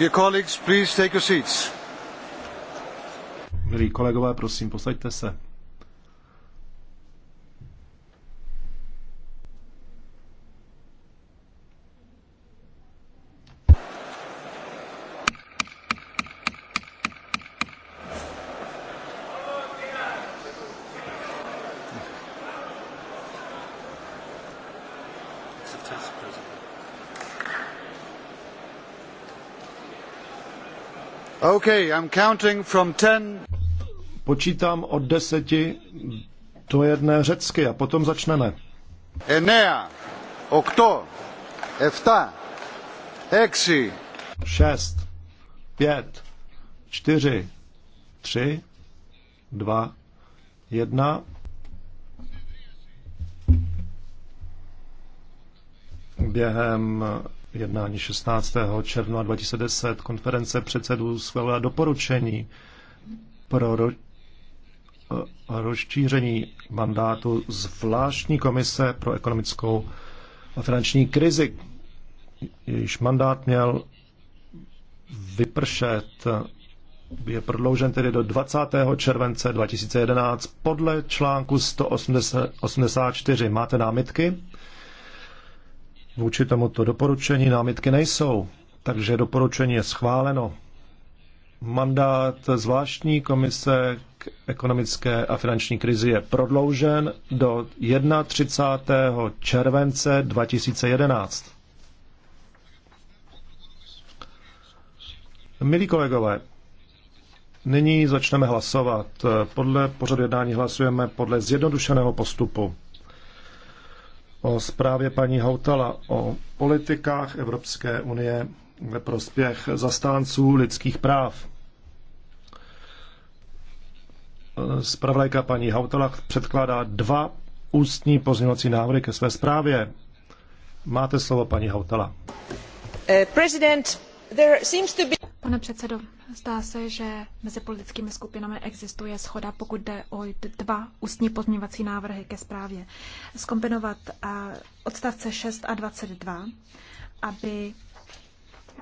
Dear colleagues, please take your seats. Milí kolegové, prosím, posaďte se. Okay, I'm counting from ten. Počítám od deseti do jedné řecky a potom začneme. Enea, okto, efta, exi. Šest, pět, čtyři, tři, dva, jedna. Během jednání 16. června 2010 konference předsedů schválila doporučení pro ro- eh, rozšíření mandátu zvláštní komise pro ekonomickou a finanční krizi. Jejíž mandát měl vypršet, je prodloužen tedy do 20. července 2011 podle článku 184. Máte námitky? Vůči tomuto doporučení námitky nejsou, takže doporučení je schváleno. Mandát zvláštní komise k ekonomické a finanční krizi je prodloužen do 31. července 2011. Milí kolegové, nyní začneme hlasovat. Podle pořadu jednání hlasujeme podle zjednodušeného postupu o zprávě paní Hautala o politikách Evropské unie ve prospěch zastánců lidských práv. Spravodajka paní Hautala předkládá dva ústní pozměňovací návrhy ke své zprávě. Máte slovo, paní Hautala. Eh, Pane předsedo, Zdá se, že mezi politickými skupinami existuje schoda, pokud jde o dva ústní pozměňovací návrhy ke zprávě. Zkombinovat eh, odstavce 6 a 22, aby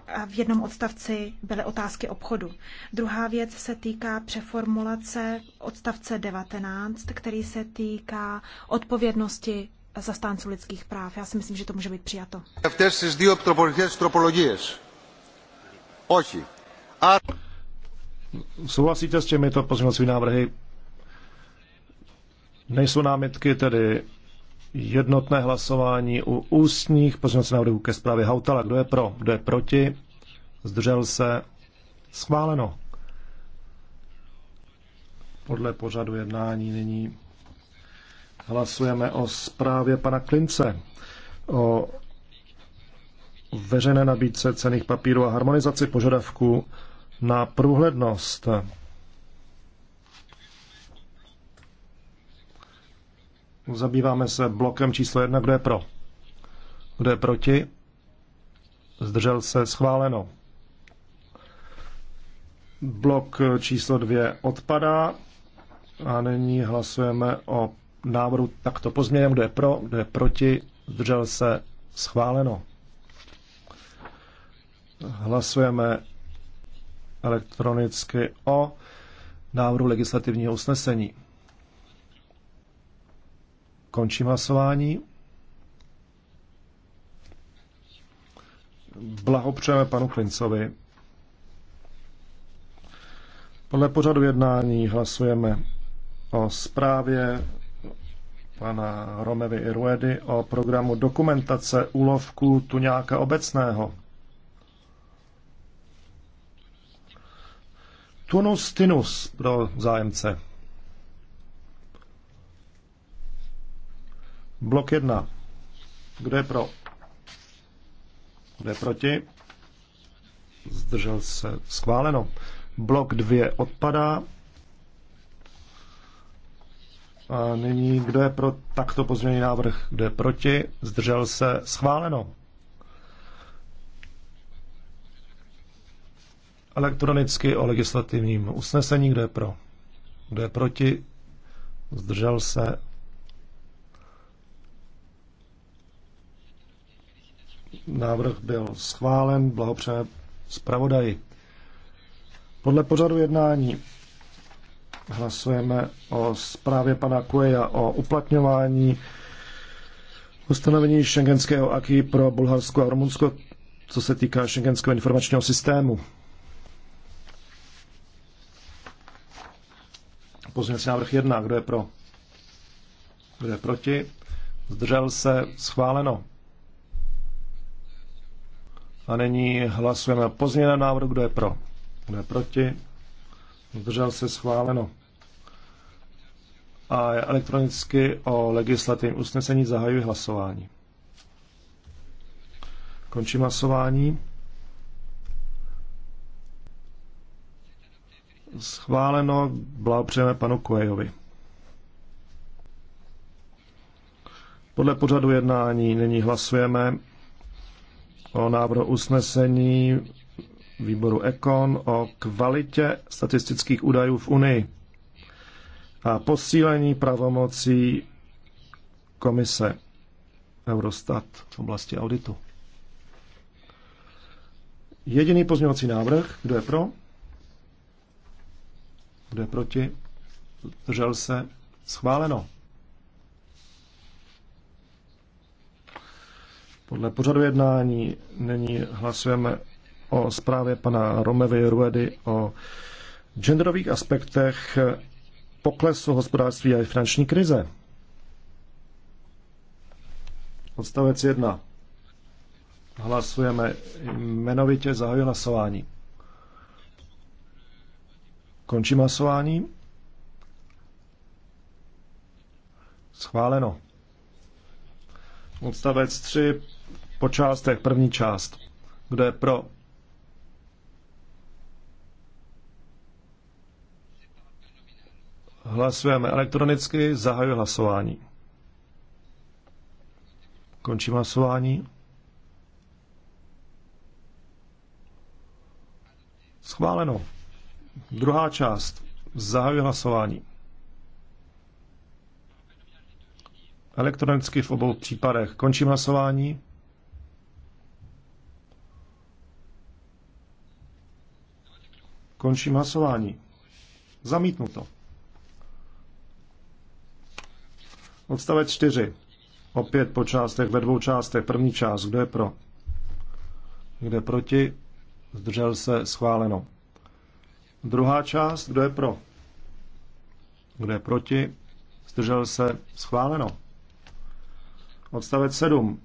eh, v jednom odstavci byly otázky obchodu. Druhá věc se týká přeformulace odstavce 19, který se týká odpovědnosti zastánců lidských práv. Já si myslím, že to může být přijato. Αυτές τις δύο τροπολογίες. Όχι. A... Souhlasíte s těmito pozměňovacími návrhy? Nejsou námitky, tedy jednotné hlasování u ústních pozměňovacích návrhů ke zprávě Hautala. Kdo je pro? Kdo je proti? Zdržel se? Schváleno. Podle pořadu jednání nyní hlasujeme o zprávě pana Klince o veřejné nabídce cených papírů a harmonizaci požadavků na průhlednost. Zabýváme se blokem číslo jedna, kdo je pro. Kdo je proti? Zdržel se schváleno. Blok číslo dvě odpadá a nyní hlasujeme o návrhu takto pozměněn, kdo je pro, kdo je proti, zdržel se schváleno. Hlasujeme elektronicky o návrhu legislativního usnesení. Končím hlasování. Blahopřejeme panu Klincovi. Podle pořadu jednání hlasujeme o zprávě pana Romevy Iruedy o programu dokumentace úlovku tuňáka obecného. Tunus Tinus pro zájemce. Blok 1. Kdo je pro? Kdo je proti? Zdržel se. Schváleno. Blok 2 odpadá. A nyní, kdo je pro takto pozměněný návrh, kdo je proti, zdržel se, schváleno. elektronicky o legislativním usnesení. Kdo je pro? Kdo je proti? Zdržel se? Návrh byl schválen. Blahopřeje zpravodaji. Podle pořadu jednání hlasujeme o zprávě pana Kueja o uplatňování ustanovení šengenského aky pro Bulharsko a Rumunsko, co se týká šengenského informačního systému. Pozměňovací návrh 1. Kdo je pro? Kdo je proti? Zdržel se? Schváleno. A nyní hlasujeme o pozměněném návrhu. Kdo je pro? Kdo je proti? Zdržel se? Schváleno. A elektronicky o legislativním usnesení zahajuji hlasování. Končím hlasování. Schváleno, blahopřejeme panu Koejovi. Podle pořadu jednání nyní hlasujeme o návrhu usnesení výboru Ekon o kvalitě statistických údajů v Unii a posílení pravomocí komise Eurostat v oblasti auditu. Jediný pozměňovací návrh, kdo je pro? Kdo je proti? Držel se? Schváleno. Podle pořadu jednání nyní hlasujeme o zprávě pana Romevy Ruedy o genderových aspektech poklesu hospodářství a finanční krize. Odstavec 1. Hlasujeme jmenovitě zahajuji hlasování. Končím hlasování. Schváleno. Odstavec 3 po částech, první část. Kdo je pro? Hlasujeme elektronicky, zahajuji hlasování. Končím hlasování. Schváleno. Druhá část. Zahajuji hlasování. Elektronicky v obou případech. Končím hlasování. Končím hlasování. Zamítnuto. Odstavec 4. Opět po částech, ve dvou částech. První část, kdo je pro? Kde proti? Zdržel se schváleno. Druhá část, kdo je pro? Kdo je proti? Zdržel se? Schváleno. Odstavec 7.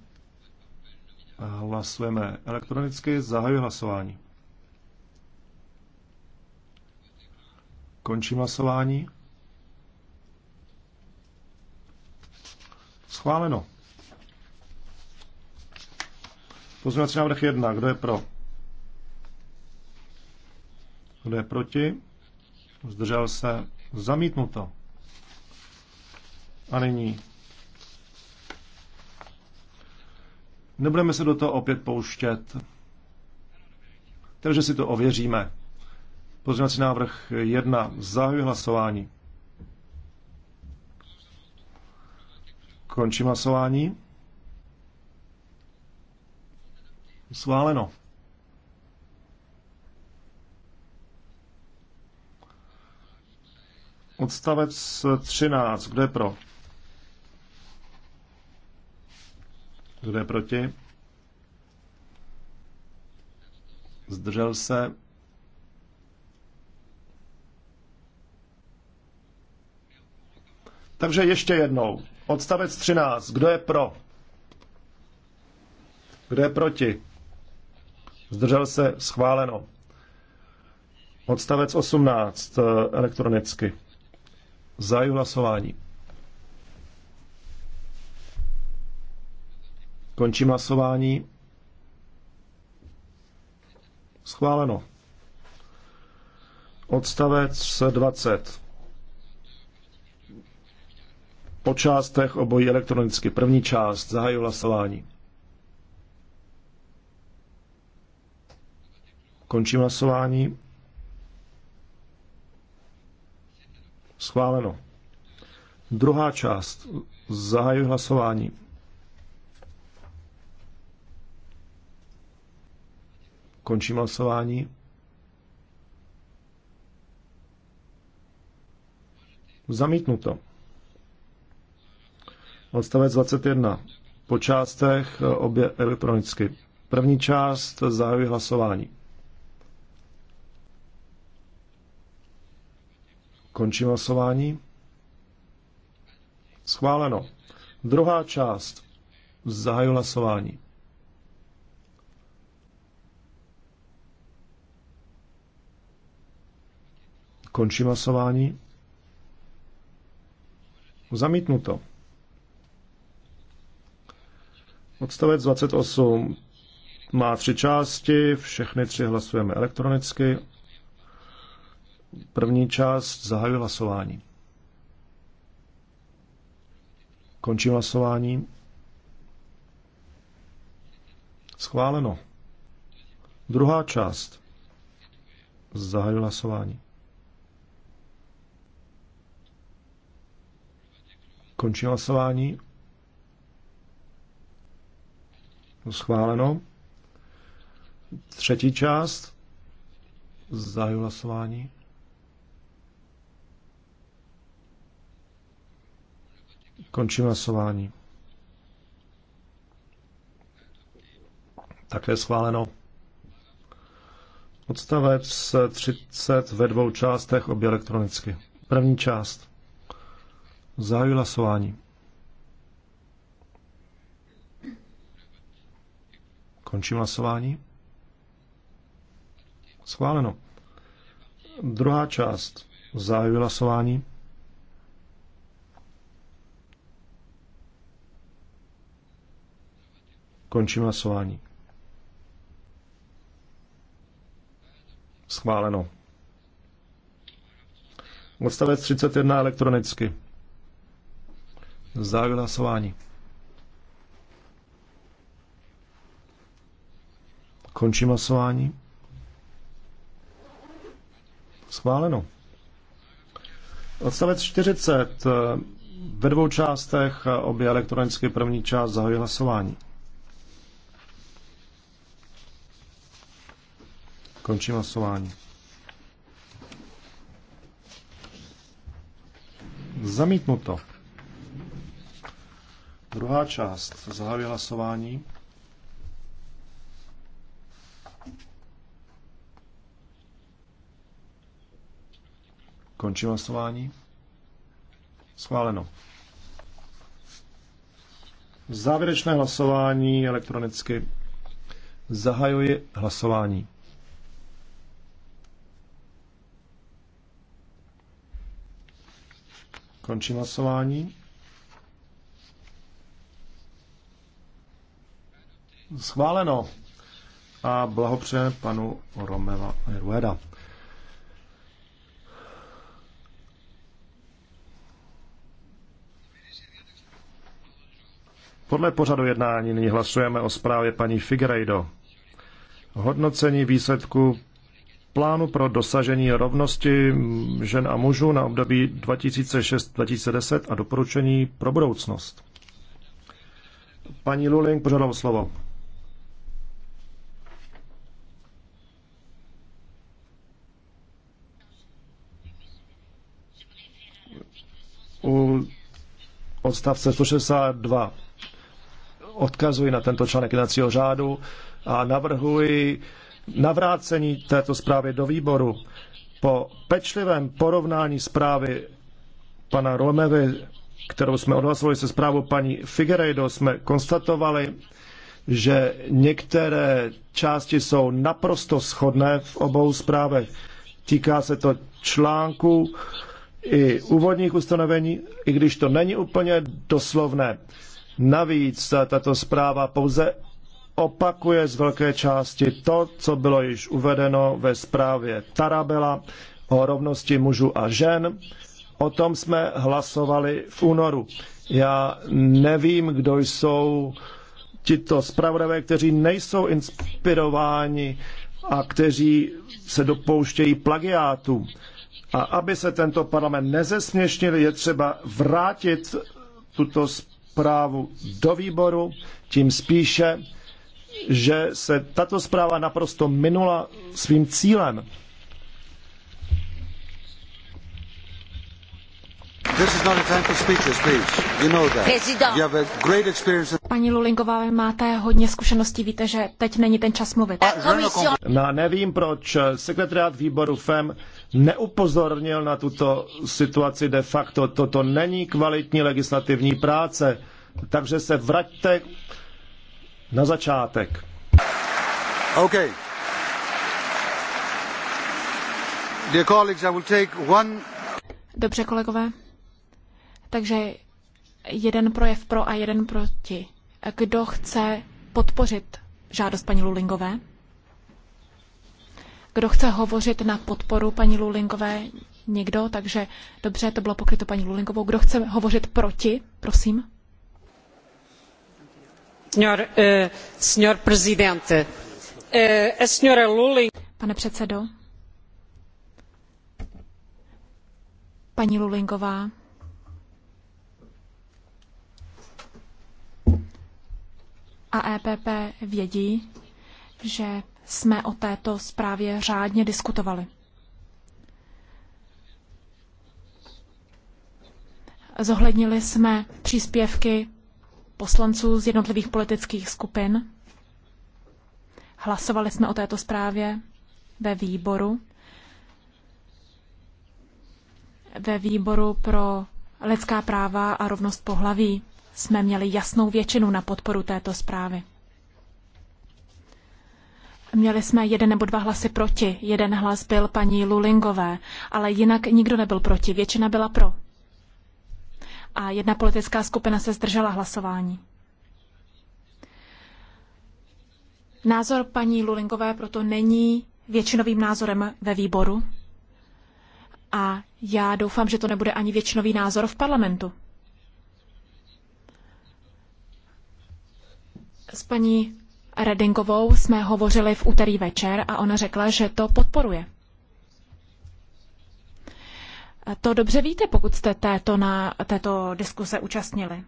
Hlasujeme elektronicky. Zahajuji hlasování. Končím hlasování. Schváleno. Pozměňovací návrh 1. Kdo je pro? Kdo je proti? Zdržel se? Zamítnuto. A nyní. Nebudeme se do toho opět pouštět. Takže si to ověříme. Pozměňovací návrh 1. Zahajuji hlasování. Končím hlasování. Sváleno. Odstavec 13. Kdo je pro? Kdo je proti? Zdržel se? Takže ještě jednou. Odstavec 13. Kdo je pro? Kdo je proti? Zdržel se? Schváleno. Odstavec 18. Elektronicky. Zahaju hlasování. Končím hlasování. Schváleno. Odstavec 20. Po částech obojí elektronicky. První část. Zahaju hlasování. Končím hlasování. Schváleno. Druhá část. Zahajuji hlasování. Končím hlasování. Zamítnuto. Odstavec 21. Po částech eh, obě elektronicky. První část zahajuji hlasování. Končím hlasování. Schváleno. Druhá část. Zahaju hlasování. Končím hlasování. Zamítnuto. Odstavec 28 má tři části, všechny tři hlasujeme elektronicky. První část zahajuji hlasování. Končím hlasování. Schváleno. Druhá část. Zahajuji hlasování. Končím hlasování. Schváleno. Třetí část. Zahajuji hlasování. Končím hlasování. je schváleno. Odstavec 30 ve dvou částech obě elektronicky. První část. Zahajuji hlasování. Končím hlasování. Schváleno. Druhá část. Zahajuji hlasování. Končím hlasování. Schváleno. Odstavec 31 elektronicky. Zahajuji hlasování. Končím hlasování. Schváleno. Odstavec 40 eh, ve dvou částech, eh, obě elektronicky první část zahajuji hlasování. Končím hlasování. Zamítnuto. Druhá část. Zahajuji hlasování. Končím hlasování. Schváleno. Závěrečné hlasování elektronicky. Zahajuji hlasování. Končím hlasování. Schváleno. A blahopřeje panu Romeva Rueda. Podle pořadu jednání nyní hlasujeme o zprávě paní Figueiredo. Hodnocení výsledku plánu pro dosažení rovnosti žen a mužů na období 2006-2010 a doporučení pro budoucnost. Paní Luling požádám slovo. U odstavce 162 odkazuji na tento článek jednacího řádu a navrhuji navrácení této zprávy do výboru po pečlivém porovnání zprávy pana Romevy, kterou jsme odhlasovali se zprávou paní Figueiredo, jsme konstatovali, že některé části jsou naprosto shodné v obou zprávách. Týká se to článků i úvodních ustanovení, i když to není úplně doslovné. Navíc tato zpráva pouze opakuje z velké části to, co bylo již uvedeno ve zprávě Tarabela o rovnosti mužů a žen. O tom jsme hlasovali v únoru. Já nevím, kdo jsou tito zpravodajové, kteří nejsou inspirováni a kteří se dopouštějí plagiátu. A aby se tento parlament nezesměšnil, je třeba vrátit tuto zprávu do výboru, tím spíše, že se tato zpráva naprosto minula svým cílem. Paní Lulinková, vy máte hodně zkušeností, víte, že teď není ten čas mluvit. Eh, na no nevím, proč eh, sekretariát výboru FEM neupozornil na tuto situaci de facto. Toto není kvalitní legislativní práce, takže se vraťte na začátek. OK. Dear colleagues, I will take one... Dobře, kolegové. Takže jeden projev pro a jeden proti. Kdo chce podpořit žádost paní Lulingové? Kdo chce hovořit na podporu paní Lulingové? Nikdo, takže dobře, to bylo pokryto paní Lulingovou. Kdo chce hovořit proti, prosím? Eh, eh, Pane předsedo, paní Lulingová, a EPP vědí, že jsme o této zprávě řádně diskutovali. Zohlednili jsme příspěvky poslanců z jednotlivých politických skupin. Hlasovali jsme o této zprávě ve výboru. Ve výboru pro lidská práva a rovnost pohlaví jsme měli jasnou většinu na podporu této zprávy. Měli jsme jeden nebo dva hlasy proti. Jeden hlas byl paní Lulingové, ale jinak nikdo nebyl proti. Většina byla pro a jedna politická skupina se zdržela hlasování. Názor paní Lulingové proto není většinovým názorem ve výboru a já doufám, že to nebude ani většinový názor v parlamentu. S paní Redingovou jsme hovořili v úterý večer a ona řekla, že to podporuje. To dobře víte, pokud jste této, na, této diskuse účastnili.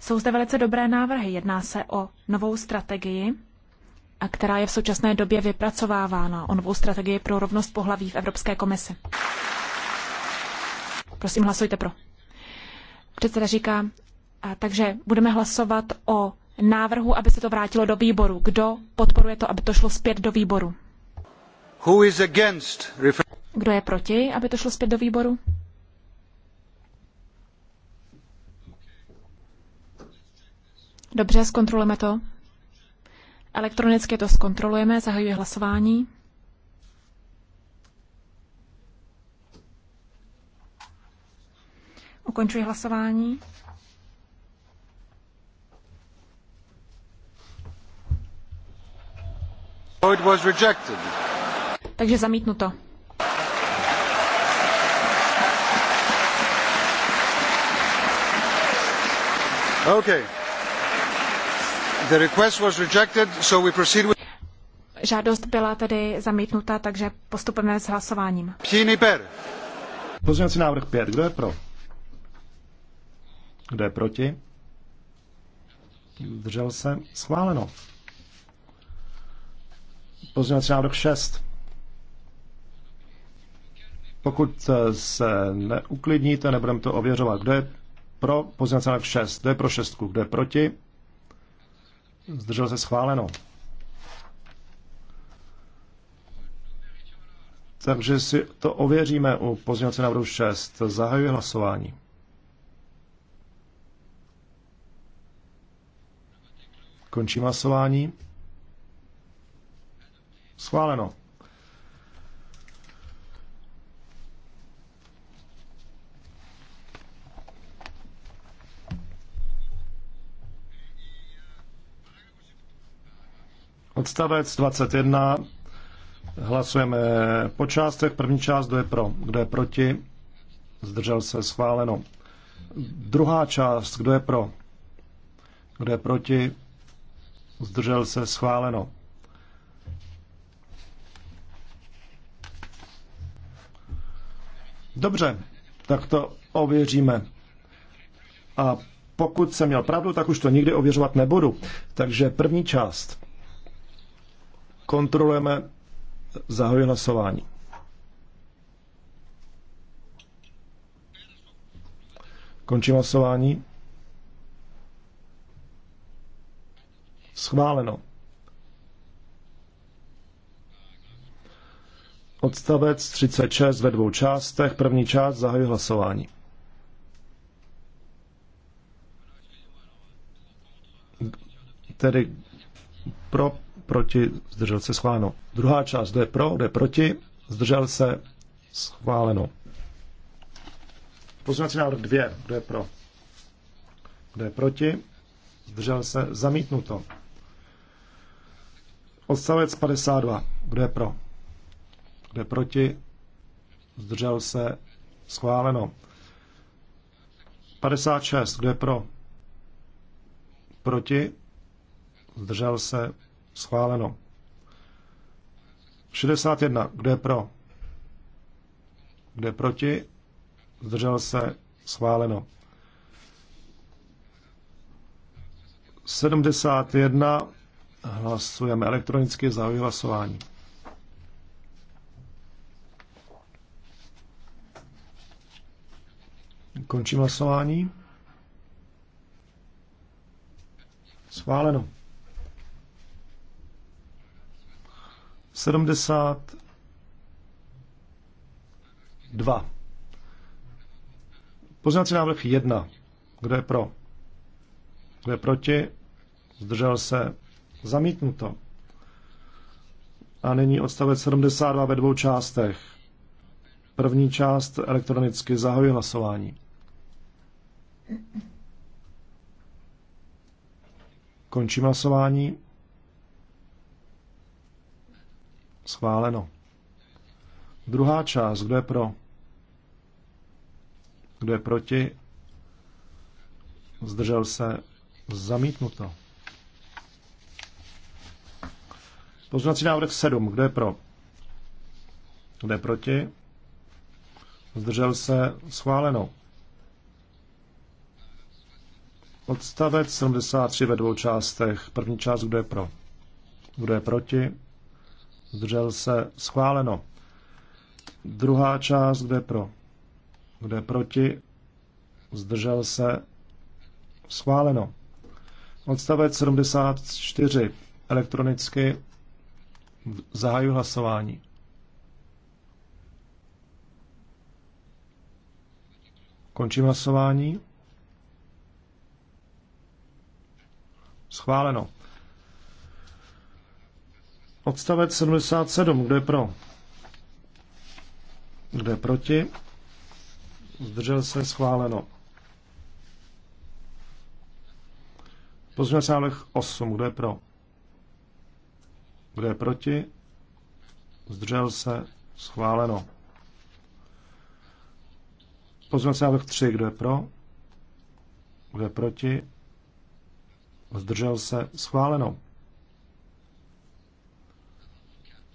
Jsou zde velice dobré návrhy. Jedná se o novou strategii, která je v současné době vypracovávána, o novou strategii pro rovnost pohlaví v Evropské komisi. Prosím, hlasujte pro. Předseda říká, takže budeme hlasovat o návrhu, aby se to vrátilo do výboru. Kdo podporuje to, aby to šlo zpět do výboru? Kdo je proti, aby to šlo zpět do výboru? Dobře, zkontrolujeme to. Elektronicky to zkontrolujeme, zahajuje hlasování. Ukončuji hlasování. It was rejected. Takže zamítnuto. Okay. Žádost byla tedy zamítnuta, takže postupujeme s hlasováním. Pozměňovací návrh 5. Kdo je pro? Kdo je proti? Držel se? Schváleno. Pozměňovací návrh 6. Pokud eh, se neuklidníte, nebudeme to ověřovat. Kdo je pro pozměňovací návrh 6? Kdo je pro šestku? Kdo je proti? Zdržel se schváleno. Takže si to ověříme u pozměňovacího návrhu 6. Zahajuji hlasování. Končím hlasování. Schváleno. Odstavec 21. Hlasujeme po částech. První část, kdo je pro, kdo je proti. Zdržel se schváleno. Druhá část, kdo je pro, kdo je proti. Zdržel se schváleno. Dobře, tak to ověříme. A pokud jsem měl pravdu, tak už to nikdy ověřovat nebudu. Takže první část. Kontrolujeme zahoji hlasování. Končím hlasování. Schváleno. Odstavec 36 ve dvou částech. První část zahajuji hlasování. Tedy pro proti, zdržel se schváleno. Druhá část, kdo je pro, kdo je proti, zdržel se schváleno. Pozměňovací návrh 2, kdo je pro, kdo je proti, zdržel se zamítnuto. Odstavec 52, kdo je pro, kdo je proti, zdržel se schváleno. 56, kdo je pro, proti, zdržel se Schváleno. 61. Kdo je pro? Kdo je proti? Zdržel se? Schváleno. 71. Hlasujeme elektronicky za hlasování. Končím hlasování. Schváleno. 72. Poznací návrh 1. Kdo je pro? Kdo je proti? Zdržel se? Zamítnuto. A nyní odstavec 72 ve dvou částech. První část elektronicky zahojí hlasování. Končím hlasování. Schváleno. Druhá část, kdo je pro? Kdo je proti? Zdržel se zamítnuto. Pozměňovací návrh 7. Kdo je pro? Kdo je proti? Zdržel se schváleno. Odstavec 73 ve dvou částech. První část, kdo je pro? Kdo je proti? zdržel se, schváleno. Druhá část, kde pro, kde proti, zdržel se, schváleno. Odstavec 74, elektronicky zahajuji hlasování. Končím hlasování. Schváleno. Odstavec 77. Kdo je pro? Kdo je proti? Zdržel se schváleno. Pozměňovací návrh 8. Kdo je pro? Kdo je proti? Zdržel se schváleno. Pozměňovací návrh 3. Kdo je pro? Kdo je proti? Zdržel se schváleno.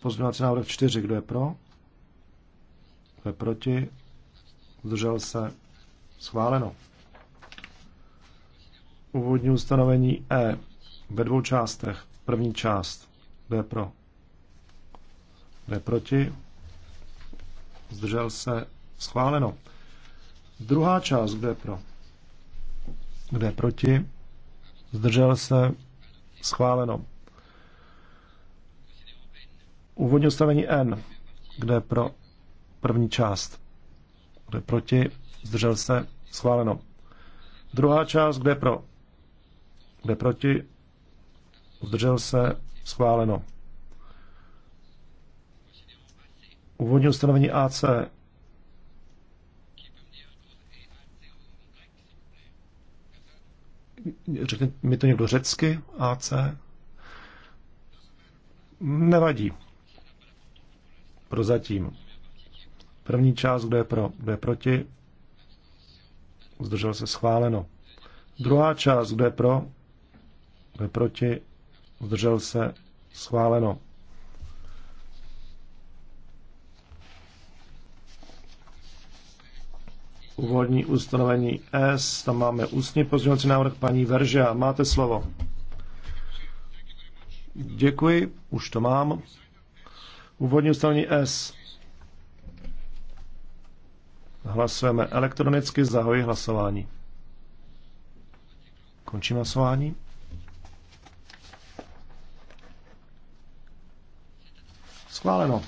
Pozměňovací návrh 4, kdo je pro? Kdo je proti? Zdržel se? Schváleno. Úvodní ustanovení E ve dvou částech. První část, kdo je pro? Kdo je proti? Zdržel se? Schváleno. Druhá část, kdo je pro? Kdo je proti? Zdržel se? Schváleno. Úvodní odstavení N, kde pro první část, kde proti, zdržel se, schváleno. Druhá část, kde pro, kde proti, zdržel se, schváleno. Úvodní ustanovení AC. Řekne mi to někdo řecky? AC? Nevadí prozatím. První část, kdo je pro, kdo je proti, zdržel se schváleno. Druhá část, kdo je pro, kdo je proti, zdržel se schváleno. Úvodní ustanovení S, tam máme ústní pozměňovací návrh paní Veržia. Máte slovo. Děkuji, už to mám. Úvodní ustanovení S. Hlasujeme elektronicky, zahoji hlasování. Končím hlasování. Schváleno.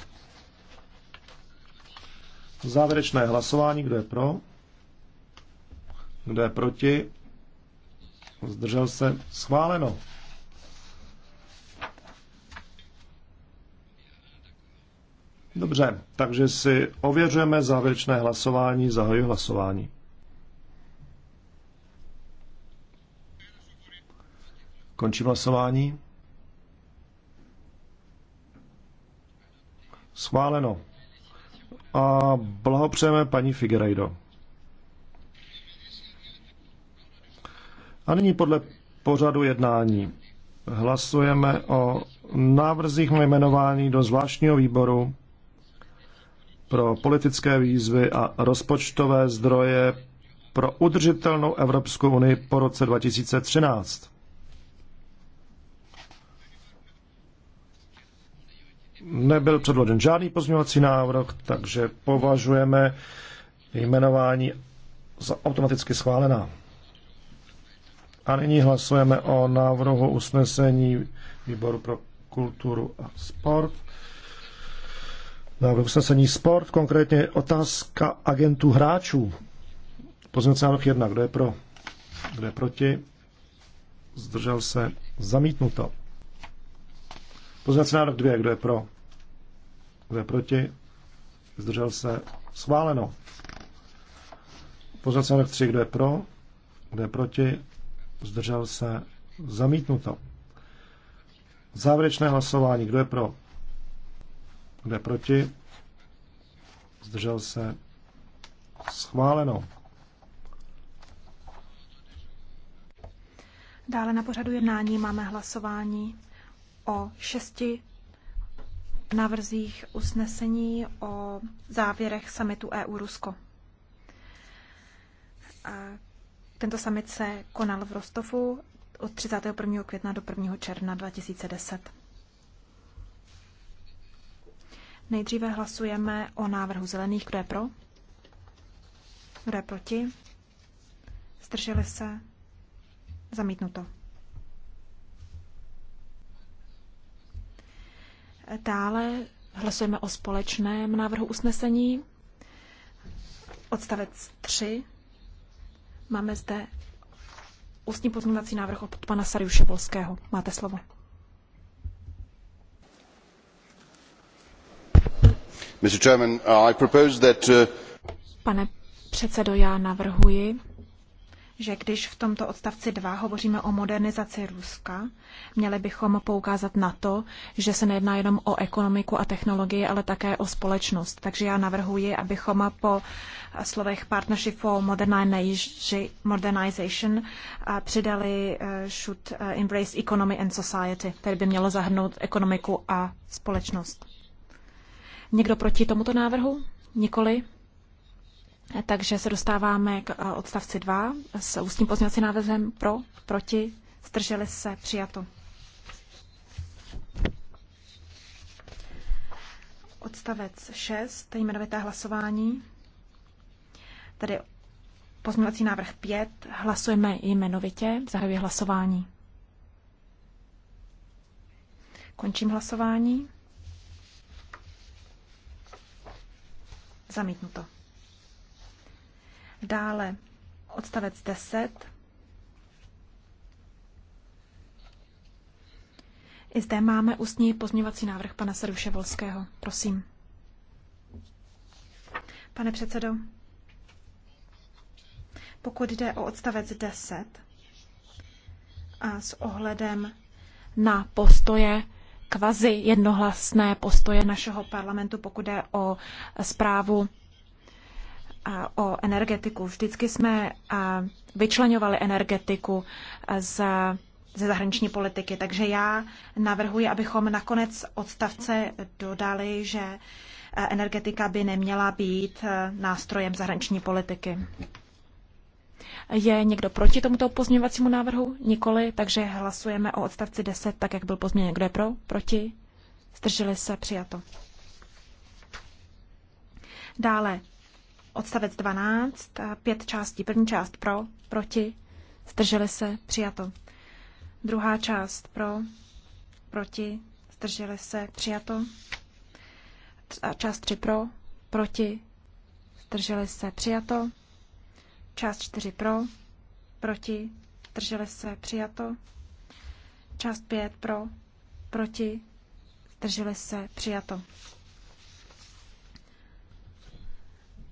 Závěrečné hlasování, kdo je pro, kdo je proti, zdržel se, schváleno. Dobře, takže si ověřujeme závěrečné hlasování, zahajuji hlasování. Končím hlasování. Schváleno. A blahopřejeme paní Figueiredo. A nyní podle pořadu jednání hlasujeme o návrzích jmenování do zvláštního výboru pro politické výzvy a rozpočtové zdroje pro udržitelnou Evropskou unii po roce 2013. Nebyl předložen žádný pozměňovací návrh, takže považujeme jmenování za automaticky schválená. A nyní hlasujeme o návrhu usnesení výboru pro kulturu a sport návrh usnesení sport, konkrétně otázka agentů hráčů. Pozměnce návrh jedna, kdo je pro, kdo je proti, zdržel se, zamítnuto. Pozměnce návrh dvě, kdo je pro, kdo je proti, zdržel se, schváleno. Pozměnce návrh tři, kdo je pro, kdo je proti, zdržel se, zamítnuto. Závěrečné hlasování, kdo je pro, kdo je proti? Zdržel se? Schváleno. Dále na pořadu jednání máme hlasování o šesti návrzích usnesení o závěrech samitu EU-Rusko. Tento summit se konal v Rostovu od 31. května do 1. června 2010. Nejdříve hlasujeme o návrhu zelených. Kdo je pro? Kdo je proti? Zdrželi se? Zamítnuto. Dále hlasujeme o společném návrhu usnesení. Odstavec 3. Máme zde ústní pozměňovací návrh od pana Sariuše Volského. Máte slovo. Uh, uh, Pane předsedající, já navrhuji, že když v tomto odstavci two hovoříme o modernizaci Ruska, měli bychom poukázat na to, že se nejedná jenom o ekonomiku a technologii, ale také o společnost. Takže já navrhuji, abychom po slovech Partnership for modernisation přidali e, should e, embrace economy and society, které by mělo zahrnout ekonomiku a společnost. Někdo proti tomuto návrhu? Nikoli? Takže se dostáváme k eh, odstavci 2 s ústním pozměňovacím návrhem pro, proti, strželi se, přijato. Odstavec 6, jmenovité hlasování, tedy pozměňovací návrh 5, hlasujeme jmenovitě, zahajuje hlasování. Končím hlasování. Zamítnuto. Dále odstavec 10. I zde máme ústní pozměňovací návrh pana Volského. Prosím. Pane předsedo, pokud jde o odstavec 10 a s ohledem na postoje kvazi jednohlasné postoje našeho parlamentu, pokud jde o zprávu o energetiku. Vždycky jsme vyčlenovali energetiku z ze zahraniční politiky. Takže já navrhuji, abychom nakonec odstavce dodali, že energetika by neměla být nástrojem zahraniční politiky. Je někdo proti tomuto pozměňovacímu návrhu? Nikoli, takže hlasujeme o odstavci 10, tak jak byl pozměněn. Kdo je pro? Proti? Zdrželi se? Přijato. Dále odstavec 12, eh, pět částí. První část pro, proti, zdrželi se, přijato. Druhá část pro, proti, zdrželi se, přijato. A eh, část 3 pro, proti, zdrželi se, přijato. Část 4 pro, proti, drželi se, přijato. Část 5 pro, proti, drželi se, přijato.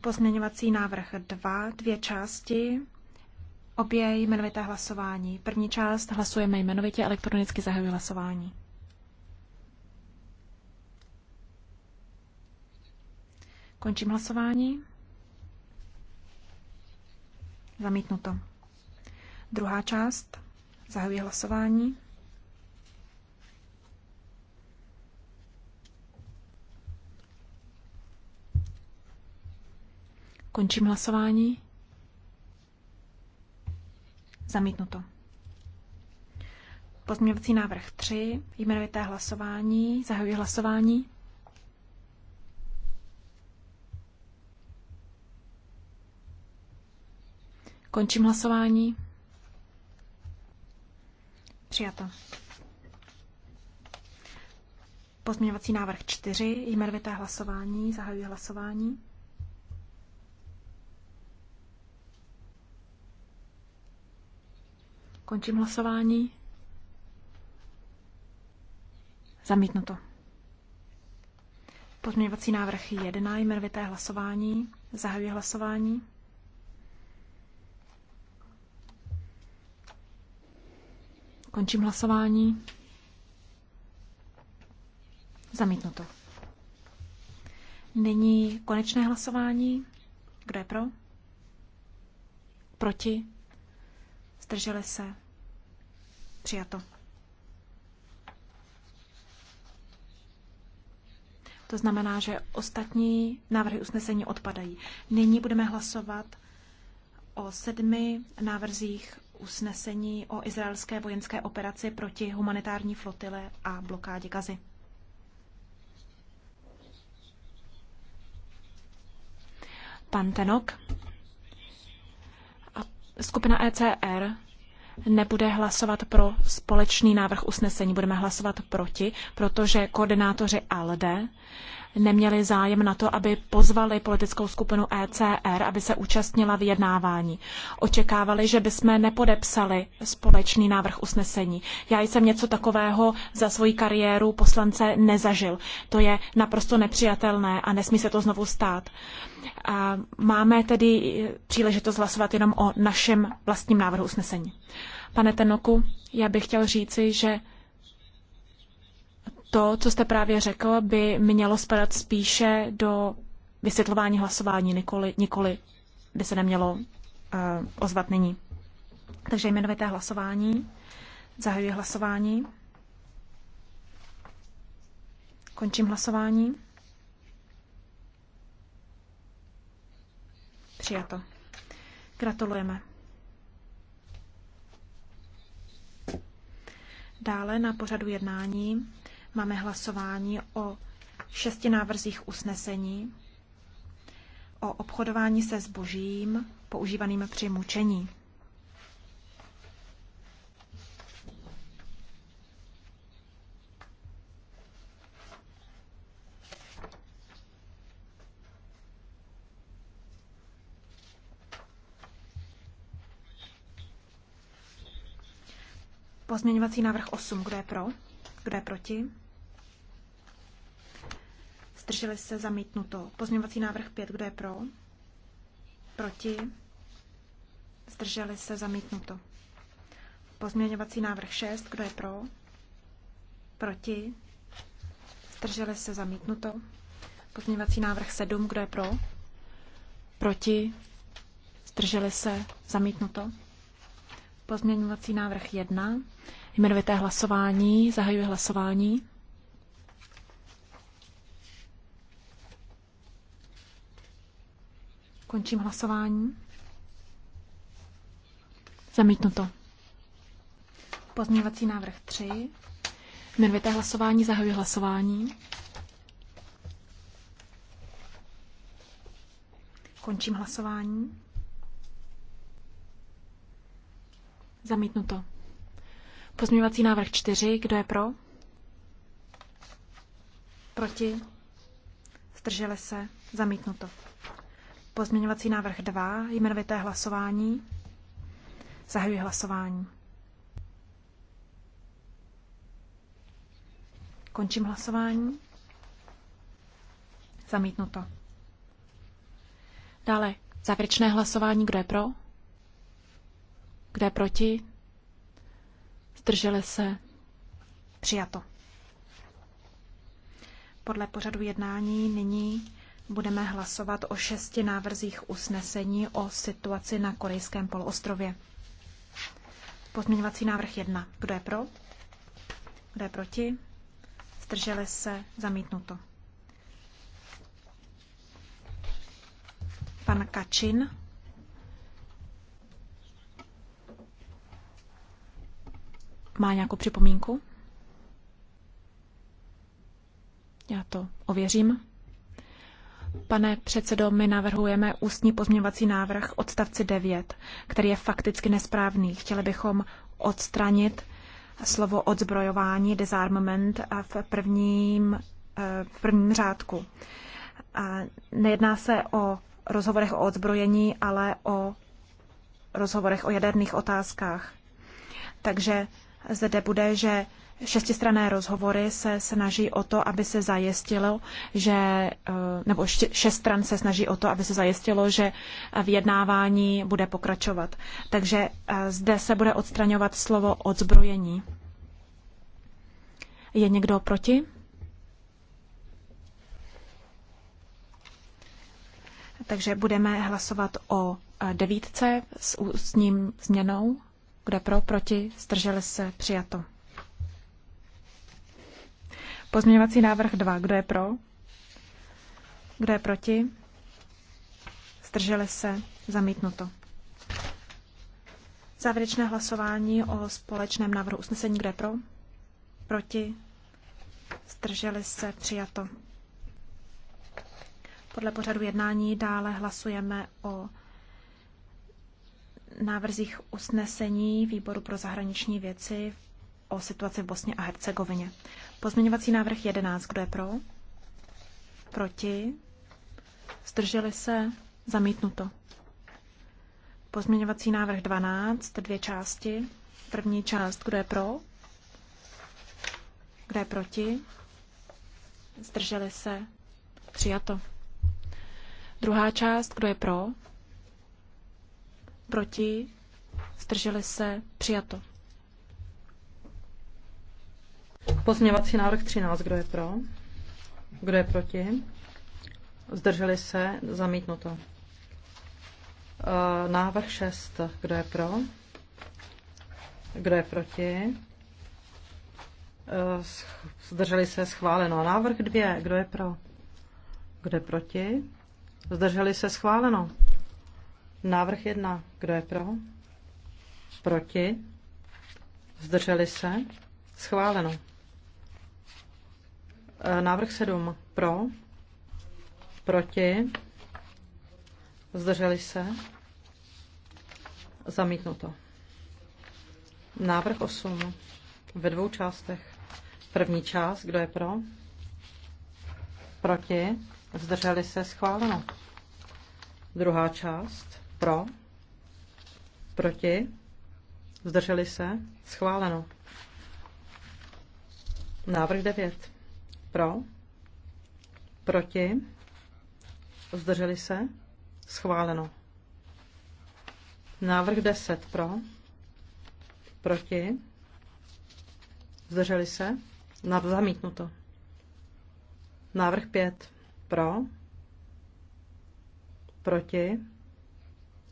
Pozměňovací návrh 2, dvě části, obě jmenovité hlasování. První část hlasujeme jmenovitě, elektronicky zahajuji hlasování. Končím hlasování. Zamítnuto. Druhá část. Zahajuji hlasování. Končím hlasování. Zamítnuto. Pozměňovací návrh 3, jmenovité hlasování, zahajuji hlasování. Končím hlasování. Přijato. Pozměňovací návrh 4, jmenovité hlasování, zahajuji hlasování. Končím hlasování. Zamítnuto. Pozměňovací návrh 1, jmenovité hlasování, zahajuji hlasování. Končím hlasování. Zamítnuto. Nyní konečné hlasování. Kdo je pro? Proti? Zdrželi se? Přijato. To znamená, že ostatní návrhy usnesení odpadají. Nyní budeme hlasovat o sedmi návrzích usnesení o izraelské vojenské operaci proti humanitární flotile a blokádě Gazy. Pan Tenok. Skupina ECR nebude hlasovat pro společný návrh usnesení, budeme hlasovat proti, protože koordinátoři ALDE neměli zájem na to, aby pozvali politickou skupinu ECR, aby se účastnila vyjednávání. Očekávali, že bychom nepodepsali společný návrh usnesení. Já jsem něco takového za svoji kariéru poslance nezažil. To je naprosto nepřijatelné a nesmí se to znovu stát. A máme tedy příležitost hlasovat jenom o našem vlastním návrhu usnesení. Pane Tenoku, já bych chtěl říci, že to, co jste právě řekl, by mělo spadat spíše do vysvětlování hlasování, nikoli, nikoli by se nemělo uh, ozvat nyní. Takže jmenovité hlasování. Zahajuji hlasování. Končím hlasování. Přijato. Gratulujeme. Dále na pořadu jednání Máme hlasování o šesti návrzích usnesení o obchodování se zbožím používaným při mučení. Pozměňovací návrh 8. Kdo je pro? Kdo je proti? Zdrželi se zamítnuto. Pozměňovací návrh 5. Kdo je pro? Proti? Zdrželi se zamítnuto. Pozměňovací návrh 6. Kdo je pro? Proti? Zdrželi se zamítnuto. Pozměňovací návrh 7. Kdo je pro? Proti? Zdrželi se zamítnuto. Pozměňovací návrh 1. Jmenovité hlasování. Zahajuji hlasování. Končím hlasování. Zamítnuto. Pozměňovací návrh 3. Jmenovité hlasování zahajuji hlasování. Končím hlasování. Zamítnuto. Pozměňovací návrh 4. Kdo je pro? Proti? Zdrželi se? Zamítnuto. Pozměňovací návrh 2, jmenovité hlasování. Zahajuji hlasování. Končím hlasování. Zamítnuto. Dále závěrečné hlasování. Kdo je pro? Kdo je proti? Zdrželi se? Přijato. Podle pořadu jednání nyní budeme hlasovat o šesti návrzích usnesení o situaci na Korejském poloostrově. Pozměňovací návrh 1. Kdo je pro? Kdo je proti? Zdrželi se? Zamítnuto. Pan Kačin. Má nějakou připomínku? Já to ověřím. Pane předsedo, my navrhujeme ústní pozměňovací návrh odstavci 9, který je fakticky nesprávný. Chtěli bychom odstranit slovo odzbrojování, disarmament v prvním, eh, v prvním řádku. A nejedná se o rozhovorech o odzbrojení, ale o rozhovorech o jaderných otázkách. Takže zde bude, že šestistrané rozhovory se snaží o to, aby se zajistilo, že, eh, nebo šest stran se snaží o to, aby se zajistilo, že vyjednávání bude pokračovat. Takže eh, zde se bude odstraňovat slovo odzbrojení. Je někdo proti? Takže budeme hlasovat o eh, devítce s ústním změnou. Kde pro, proti, zdrželi se, přijato. Pozměňovací návrh 2. Kdo je pro? Kdo je proti? Zdrželi se? Zamítnuto. Závěrečné hlasování o společném návrhu usnesení. Kdo je pro? Proti? Zdrželi se? Přijato. Podle pořadu jednání dále hlasujeme o návrzích usnesení výboru pro zahraniční věci o situaci v Bosně a Hercegovině. Pozměňovací návrh 11. Kdo je pro? Proti? Zdrželi se? Zamítnuto. Pozměňovací návrh 12. Dvě části. První část. Kdo je pro? Kdo je proti? Zdrželi se? Přijato. Druhá část. Kdo je pro? Proti? Zdrželi se? Přijato. Pozměvací návrh 13. Kdo je pro? Kdo je proti? Zdrželi se? Zamítnuto. Uh, Návrh 6. Kdo je pro? Kdo je proti? Uh, Zdrželi se? Schváleno. Návrh 2. Kdo je pro? Kdo je proti? Zdrželi se? Schváleno. Návrh 1. Kdo je pro? Proti? Zdrželi se? Schváleno. Eh, návrh 7 pro, proti, zdrželi se, zamítnuto. Návrh 8 ve dvou částech. První část, kdo je pro, proti, zdrželi se, schváleno. Druhá část, pro, proti, zdrželi se, schváleno. Návrh 9. Pro? Proti? Zdrželi se? Schváleno. Návrh 10 pro. Proti. Zdrželi se. Návrh zamítnuto. Návrh 5 pro. Proti.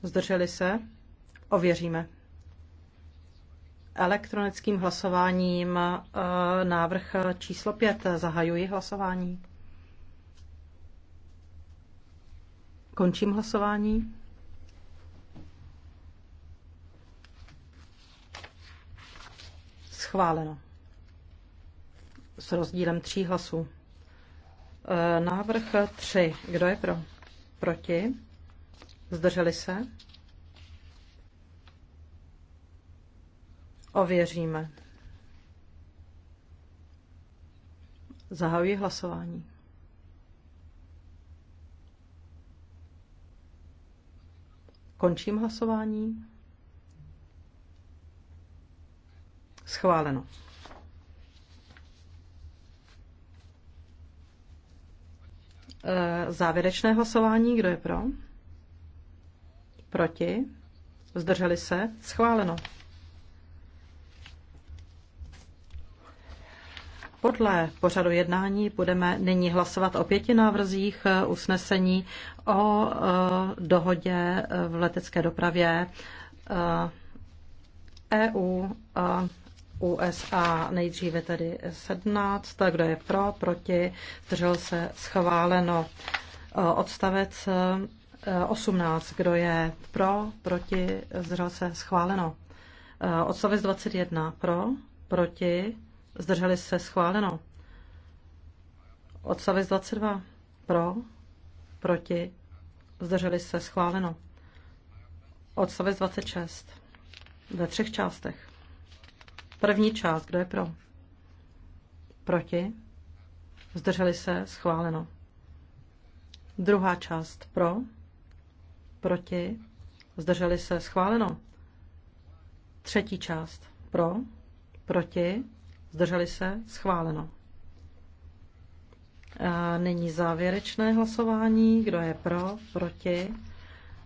Zdrželi se. Ověříme elektronickým hlasováním e, návrh číslo 5. Zahajuji hlasování. Končím hlasování. Schváleno. S rozdílem tří hlasů. E, návrh 3. Kdo je pro? Proti? Zdrželi se? Ověříme. Zahajuji hlasování. Končím hlasování. Schváleno. Eh, závěrečné hlasování, kdo je pro? Proti? Zdrželi se? Schváleno. Podle pořadu jednání budeme nyní hlasovat o pěti návrzích usnesení o eh, dohodě eh, v letecké dopravě EU eh, e a USA. Nejdříve tedy 17. Kdo je pro, proti, zdržel se schváleno. Odstavec 18. Kdo je pro, proti, zdržel se schváleno. Odstavec 21. Pro, proti, zdrželi se schváleno. Odstavec 22 pro, proti, zdrželi se schváleno. Odstavec 26 ve třech částech. První část, kdo je pro? Proti, zdrželi se schváleno. Druhá část pro, proti, zdrželi se schváleno. Třetí část pro, proti, Zdrželi se? Schváleno. A nyní závěrečné hlasování. Kdo je pro? Proti?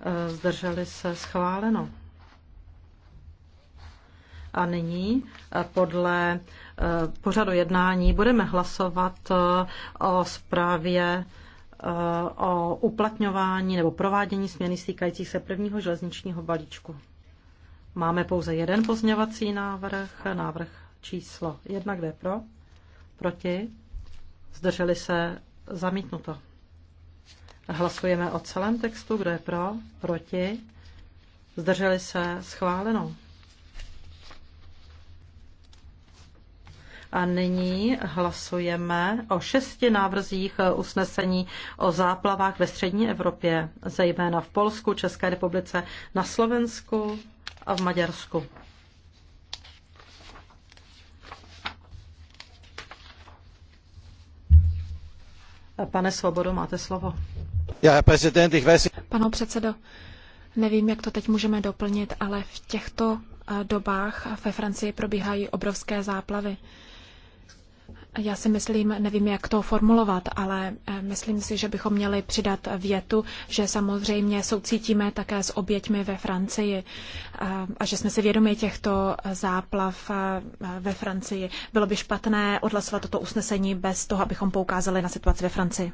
E, zdrželi se? Schváleno. A nyní e, podle e, pořadu jednání budeme hlasovat o zprávě o uplatňování nebo provádění směny stýkajících se prvního železničního balíčku. Máme pouze jeden pozměvací návrh, návrh číslo 1, kde pro, proti, zdrželi se, zamítnuto. Hlasujeme o celém textu, kdo je pro, proti, zdrželi se, schváleno. A nyní hlasujeme o šesti návrzích usnesení o záplavách ve střední Evropě, zejména v Polsku, České republice, na Slovensku a v Maďarsku. Pane Svobodo, máte slovo. Pane předsedo, nevím, jak to teď můžeme doplnit, ale v těchto eh, dobách ve Francii probíhají obrovské záplavy. Já si myslím, nevím, jak to formulovat, ale eh, myslím si, že bychom měli přidat větu, že samozřejmě soucítíme také s oběťmi ve Francii eh, a že jsme si vědomi těchto eh, záplav ve Francii. Bylo by špatné odhlasovat toto usnesení bez toho, abychom poukázali na situaci ve Francii.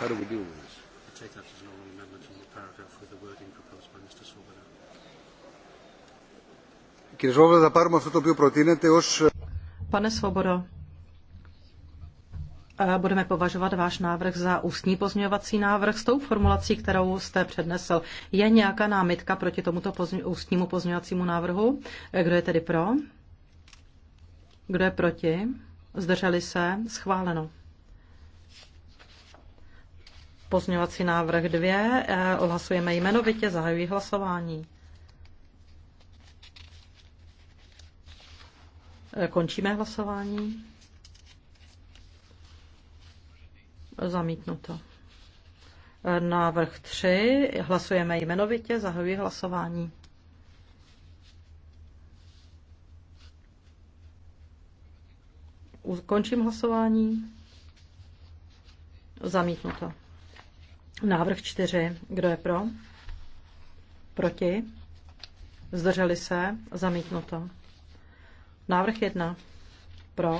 How do we do Pane Svobodo, budeme považovat váš návrh za ústní pozměňovací návrh s tou formulací, kterou jste přednesl. Je nějaká námitka proti tomuto pozmě, ústnímu pozměňovacímu návrhu? Eh, kdo je tedy pro? Kdo je proti? Zdrželi se? Schváleno. Pozměňovací návrh 2. Eh, Hlasujeme jmenovitě. Zahajuji hlasování. Končíme hlasování. Zamítnuto. Návrh 3. Hlasujeme jmenovitě. Zahajuji hlasování. Ukončím hlasování. Zamítnuto. Návrh 4. Kdo je pro? Proti? Zdrželi se? Zamítnuto. Návrh jedna Pro.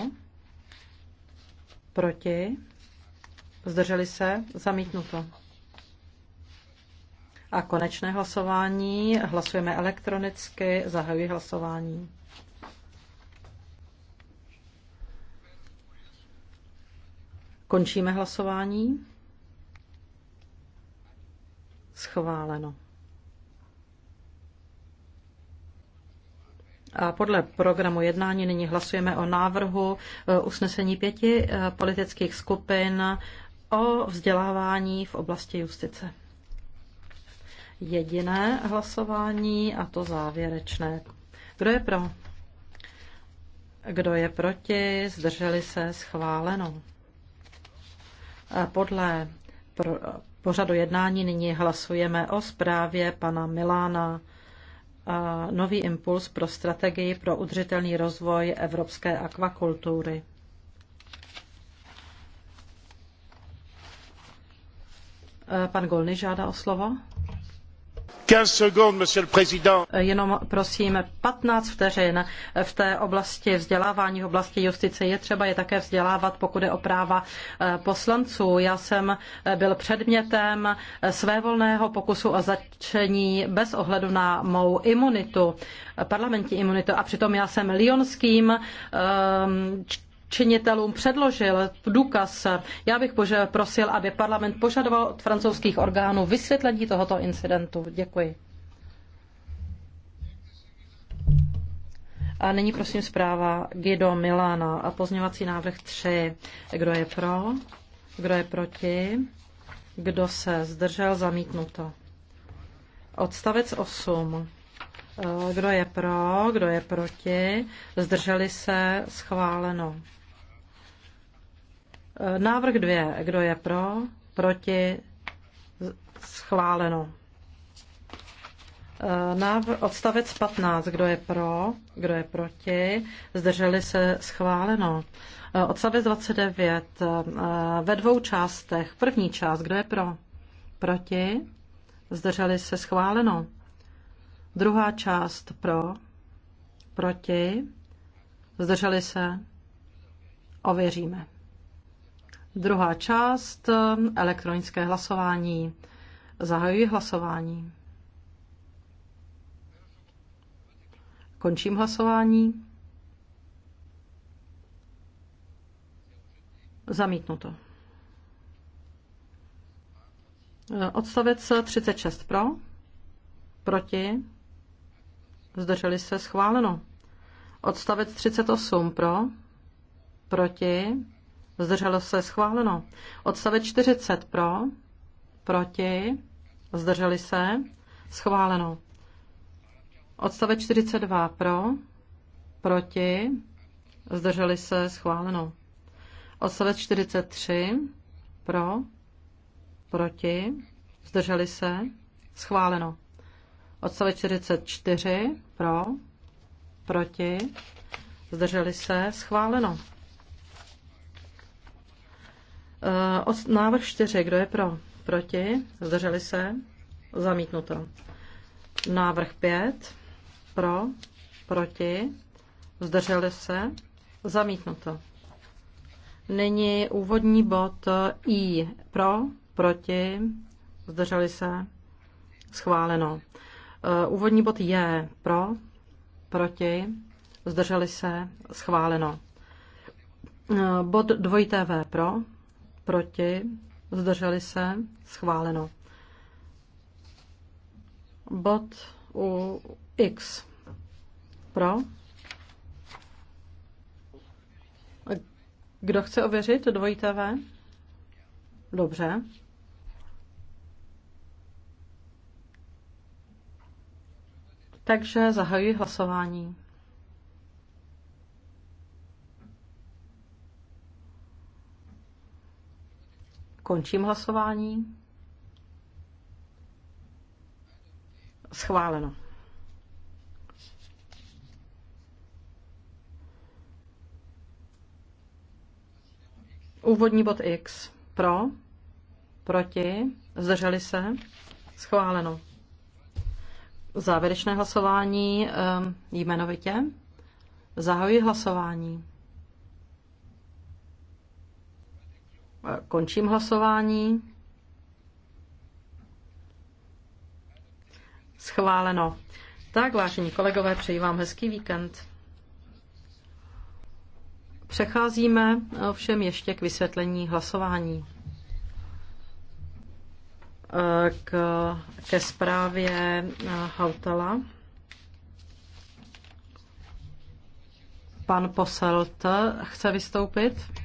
Proti. Zdrželi se. Zamítnuto. A konečné hlasování. Hlasujeme elektronicky. Zahajuji hlasování. Končíme hlasování. Schváleno. A podle programu jednání nyní hlasujeme o návrhu e, usnesení pěti e, politických skupin o vzdělávání v oblasti justice. Jediné hlasování a to závěrečné. Kdo je pro? Kdo je proti? Zdrželi se schváleno. E, podle pořadu jednání nyní hlasujeme o zprávě pana Milána nový impuls pro strategii pro udržitelný rozvoj evropské akvakultury. Pan Golny žádá o slovo. Eh, jenom prosím, 15 vteřin v té oblasti vzdělávání, v oblasti justice je třeba je také vzdělávat, pokud je o práva eh, poslanců. Já jsem eh, byl předmětem svévolného pokusu o začení bez ohledu na mou imunitu, parlamentní imunitu a přitom já jsem lionským činitelům předložil důkaz. Já bych pože- prosil, aby parlament požadoval od francouzských orgánů vysvětlení tohoto incidentu. Děkuji. A nyní prosím zpráva Guido Milana a pozněvací návrh 3. Kdo je pro? Kdo je proti? Kdo se zdržel? Zamítnuto. Odstavec 8. Kdo je pro? Kdo je proti? Zdrželi se? Schváleno. Návrh dvě. Kdo je pro? Proti? Schváleno. Eh, návrh, odstavec 15. Kdo je pro? Kdo je proti? Zdrželi se schváleno. Eh, odstavec 29. Eh, ve dvou částech. První část. Kdo je pro? Proti? Zdrželi se schváleno. Druhá část pro? Proti? Zdrželi se? Ověříme. Druhá část, eh, elektronické hlasování. Zahajuji hlasování. Končím hlasování. Zamítnuto. Eh, odstavec 36 pro, proti, zdrželi se schváleno. Odstavec 38 pro, proti, Zdrželo se schváleno. Odstavec 40 pro, proti, zdrželi se, schváleno. Odstavec 42 pro, proti, zdrželi se, schváleno. Odstavec 43 pro, proti, zdrželi se, schváleno. Odstavec 44 pro, proti, zdrželi se, schváleno. Eh, od návrh 4. Kdo je pro? Proti? Zdrželi se? Zamítnuto. Návrh 5. Pro? Proti? Zdrželi se? Zamítnuto. Nyní úvodní bod eh, I. Pro? Proti? Zdrželi se? Schváleno. Eh, úvodní bod j, pro, proti, zdrželi se, schváleno. Bod dvojité V pro, proti, zdrželi se, schváleno. Bod u X. Pro. Kdo chce ověřit dvojité V? Dobře. Takže zahajuji hlasování. Končím hlasování. Schváleno. Úvodní bod X. Pro, proti, zdrželi se, schváleno. Závěrečné hlasování ehm, jmenovitě. Zahajuji hlasování. Končím hlasování. Schváleno. Tak, vážení kolegové, přeji vám hezký víkend. Přecházíme ovšem ještě k vysvětlení hlasování. E, k, ke zprávě e, Hautala. Pan Poselt chce vystoupit.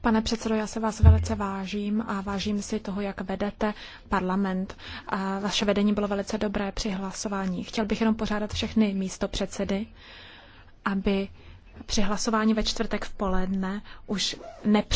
Pane předsedo, já se vás velice vážím a vážím si toho, jak vedete parlament. A vaše vedení bylo velice dobré při hlasování. Chtěl bych jenom pořádat všechny místo předsedy, aby při hlasování ve čtvrtek v poledne už nepřijeli.